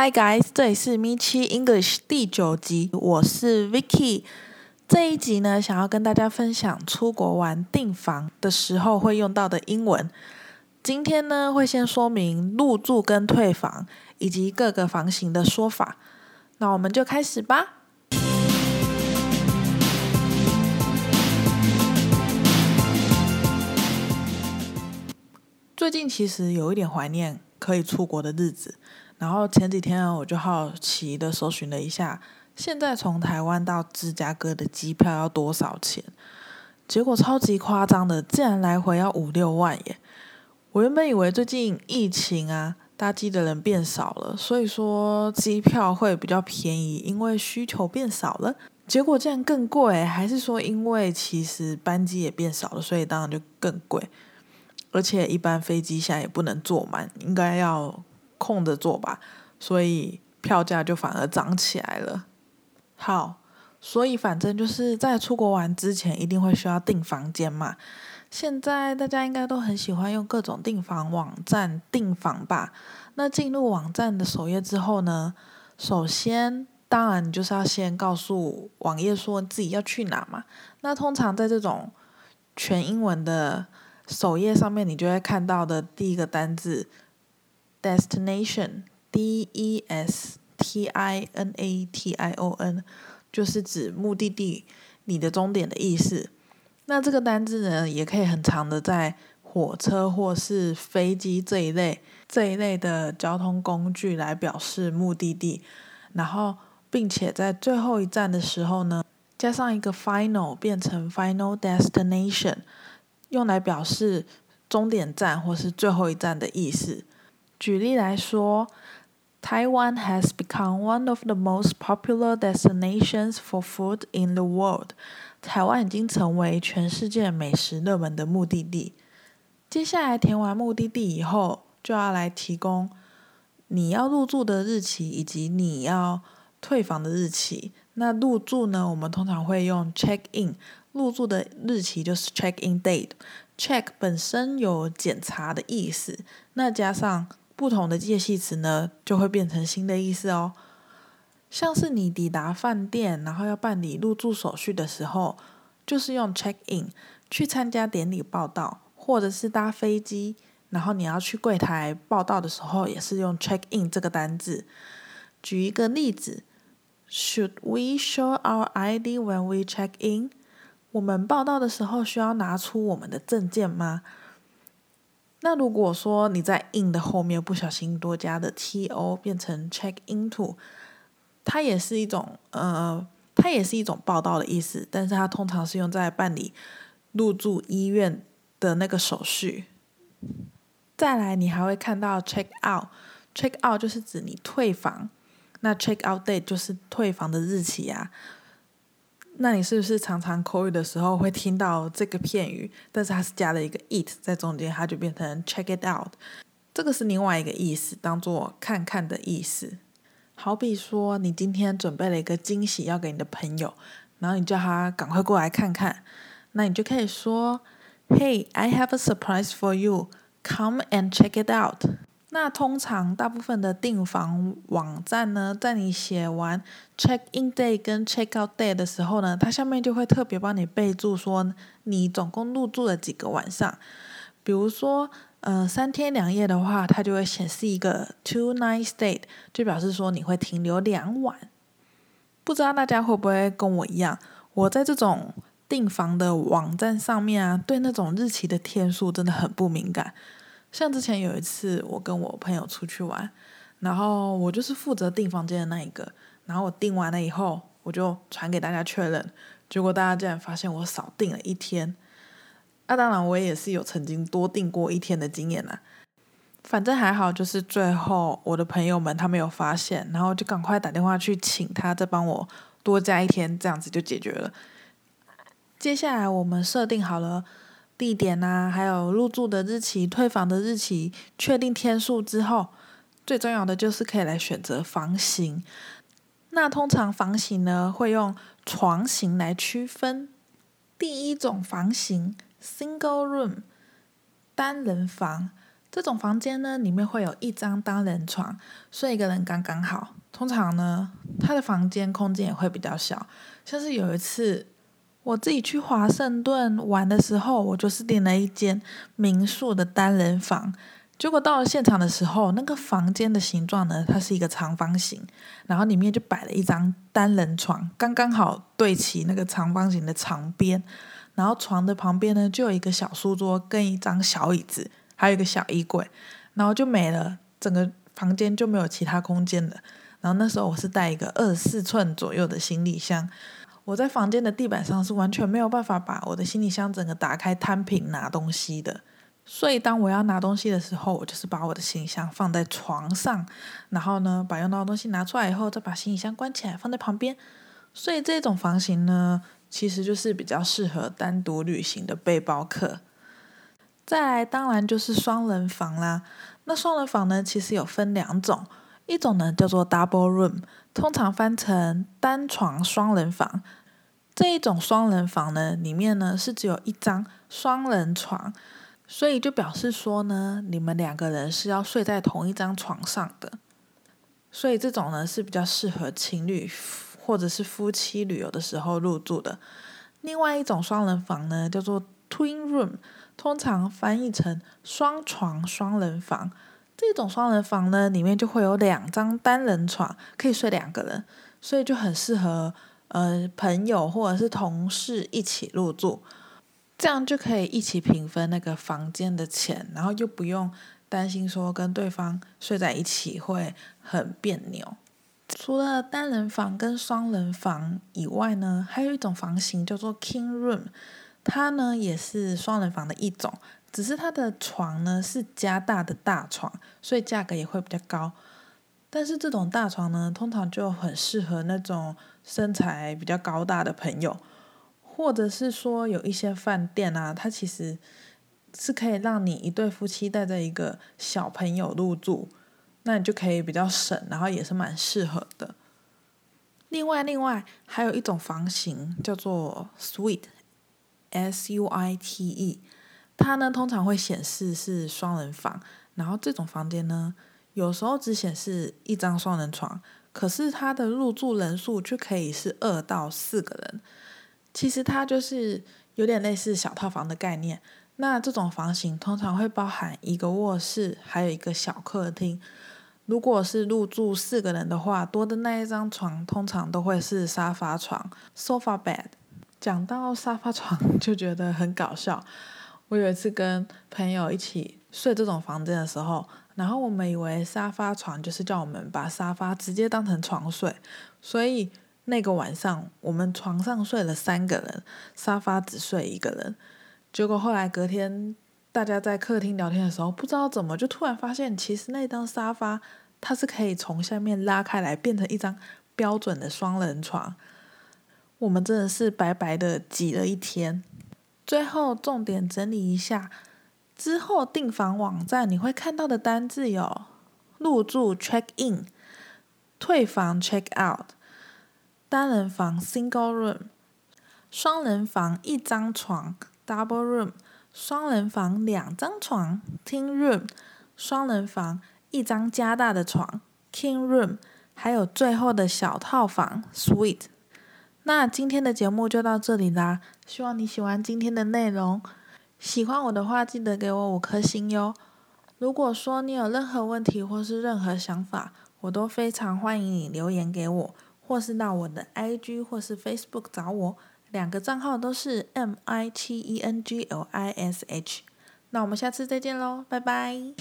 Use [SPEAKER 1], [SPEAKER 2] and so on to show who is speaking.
[SPEAKER 1] Hi guys，這裡是米七 English 第九集，我是 Vicky。這一集呢，想要跟大家分享出國玩訂房的時候會用到的英文。今天呢，會先說明入住跟退房，以及各個房型的說法。那我們就開始吧。最近其實有一點懷念可以出國的日子。然後前幾天我就好奇地搜尋了一下，現在從台灣到芝加哥的機票要多少錢？結果超級誇張的，竟然來回要五六萬耶！我原本以為最近疫情啊，搭機的人變少了，所以說機票會比較便宜，因為需求變少了。結果竟然更貴，還是說因為其實班機也變少了，所以當然就更貴。而且一般飛機現在也不能坐滿，應該要。空着做吧，所以票價就反而漲起來了。好，所以反正就是在出國玩之前，一定會需要訂房間嘛。現在大家應該都很喜歡用各種訂房網站訂房吧？那進入網站的首頁之後呢，首先當然你就是要先告訴網頁說自己要去哪嘛。那通常在這種全英文的首頁上面，你就會看到的第一個單字。Destination, D-E-S-T-I-N-A-T-I-O-N，就是指目的地、你的終點的意思。那這個單字呢，也可以很常地在火車或是飛機這一類這一類的交通工具來表示目的地。然後，並且在最後一站的時候呢，加上一個 final，變成 final destination，用來表示終點站或是最後一站的意思。舉例來說，台灣 has become one of the most popular destinations for food in the world。台灣已經成為全世界美食熱門的目的地。接下來填完目的地以後，就要來提供你要入住的日期以及你要退房的日期。那入住呢，我們通常會用 check in，入住的日期就是 check in date。check 本身有檢查的意思，那加上不同的介系詞呢，就會變成新的意思哦。像是你抵達飯店，然後要辦理入住手續的時候，就是用 check in，去參加典禮報到，或者是搭飛機，然後你要去櫃台報到的時候，也是用 check in 這個單字。舉一個例子，Should we show our ID when we check in？我們報到的時候需要拿出我們的證件嗎？那如果說你在 in 的後面不小心多加的 to 變成 check into，它也是一種呃，它也是一種報到的意思，但是它通常是用在辦理入住醫院的那個手續。再來，你還會看到 check out，check out 就是指你退房，那 check out date 就是退房的日期啊。那你是不是常常口語的時候會聽到這個片語？但是它是加了一個 it、e、在中間，它就變成 check it out。這個是另外一個意思，當做看看的意思。好比說，你今天準備了一個驚喜要給你的朋友，然後你叫他趕快過來看看，那你就可以說，Hey, I have a surprise for you. Come and check it out. 那通常大部分的訂房網站呢，在你寫完 check in day 跟 check out day 的時候呢，它下面就會特別幫你備註說你總共入住了幾個晚上。比如說，呃，三天兩夜的話，它就會顯示一個 two night stay，就表示說你會停留兩晚。不知道大家會不會跟我一樣？我在這種訂房的網站上面啊，對那種日期的天數真的很不敏感。像之前有一次，我跟我朋友出去玩，然後我就是負責訂房間的那一個，然後我訂完了以後，我就傳給大家確認，結果大家竟然發現我少訂了一天。那、啊、當然，我也是有曾經多訂過一天的經驗啦、啊。反正還好，就是最後我的朋友們他沒有發現，然後就趕快打電話去請他再幫我多加一天，這樣子就解決了。接下來我們設定好了。地點吶、啊，還有入住的日期、退房的日期，確定天數之後，最重要的就是可以來選擇房型。那通常房型呢，會用床型來區分。第一種房型，Single Room，單人房。這種房間呢，裡面會有一張單人床，睡一個人剛剛好。通常呢，他的房間空間也會比較小，像是有一次。我自己去華盛頓玩的時候，我就是訂了一間民宿的單人房。結果到了現場的時候，那個房間的形狀呢，它是一個長方形，然後裡面就擺了一張單人床，剛剛好對齊那個長方形的長邊。然後床的旁邊呢，就有一個小書桌跟一張小椅子，還有一個小衣櫃，然後就沒了，整個房間就沒有其他空間了。然後那時候我是帶一個二十四寸左右的行李箱。我在房間的地板上是完全沒有辦法把我的行李箱整個打開攤平拿東西的，所以當我要拿東西的時候，我就是把我的行李箱放在床上，然後呢，把用到的東西拿出來以後，再把行李箱關起來放在旁邊。所以這種房型呢，其實就是比較適合單獨旅行的背包客。再來，當然就是雙人房啦。那雙人房呢，其實有分兩種。一種呢，叫做 double room，通常翻成單床雙人房。這一種雙人房呢，裡面呢，是只有一張雙人床，所以就表示說呢，你們兩個人是要睡在同一張床上的。所以這種呢，是比較適合情侶或者是夫妻旅遊的時候入住的。另外一種雙人房呢，叫做 twin room，通常翻譯成雙床雙人房。這種雙人房呢，裡面就會有兩張單人床，可以睡兩個人，所以就很適合呃朋友或者是同事一起入住，這樣就可以一起平分那個房間的錢，然後又不用擔心說跟對方睡在一起會很別扭。除了單人房跟雙人房以外呢，還有一種房型叫做 King Room，它呢也是雙人房的一種。只是它的床呢是加大的大床，所以價格也會比較高。但是這種大床呢，通常就很適合那種身材比較高大的朋友，或者是說有一些飯店啊，它其實是可以讓你一對夫妻帶着一個小朋友入住，那你就可以比較省，然後也是蠻適合的。另外，另外還有一種房型叫做 Suite，S U I T E。它呢，通常會顯示是雙人房，然後這種房間呢，有時候只顯示一張雙人床，可是它的入住人數卻可以是二到四個人。其實它就是有點類似小套房的概念。那這種房型通常會包含一個臥室，還有一個小客廳。如果是入住四個人的話，多的那一張床通常都會是沙發床 （sofa bed）。Sofa bed. 講到沙發床，就覺得很搞笑。我有一次跟朋友一起睡這種房間的時候，然後我們以為沙發床就是叫我們把沙發直接當成床睡，所以那個晚上我們床上睡了三個人，沙發只睡一個人。結果後來隔天大家在客廳聊天的時候，不知道怎麼就突然發現，其實那張沙發它是可以從下面拉開來變成一張標準的雙人床。我們真的是白白的擠了一天。最後重點整理一下，之後訂房網站你會看到的單字有：入住 （check in）、退房 （check out）、單人房 （single room）、雙人房（一張床，double room）、雙人房（兩張床，twin room）、雙人房（一張加大的床，king room）、還有最後的小套房 （suite）。那今天的節目就到這裡啦，希望你喜歡今天的內容。喜歡我的話，記得給我五顆星喲。如果說你有任何問題或是任何想法，我都非常歡迎你留言給我，或是到我的 IG 或是 Facebook 找我，兩個賬號都是 m i 7 e n g l i s h。那我們下次再見嘍，拜拜。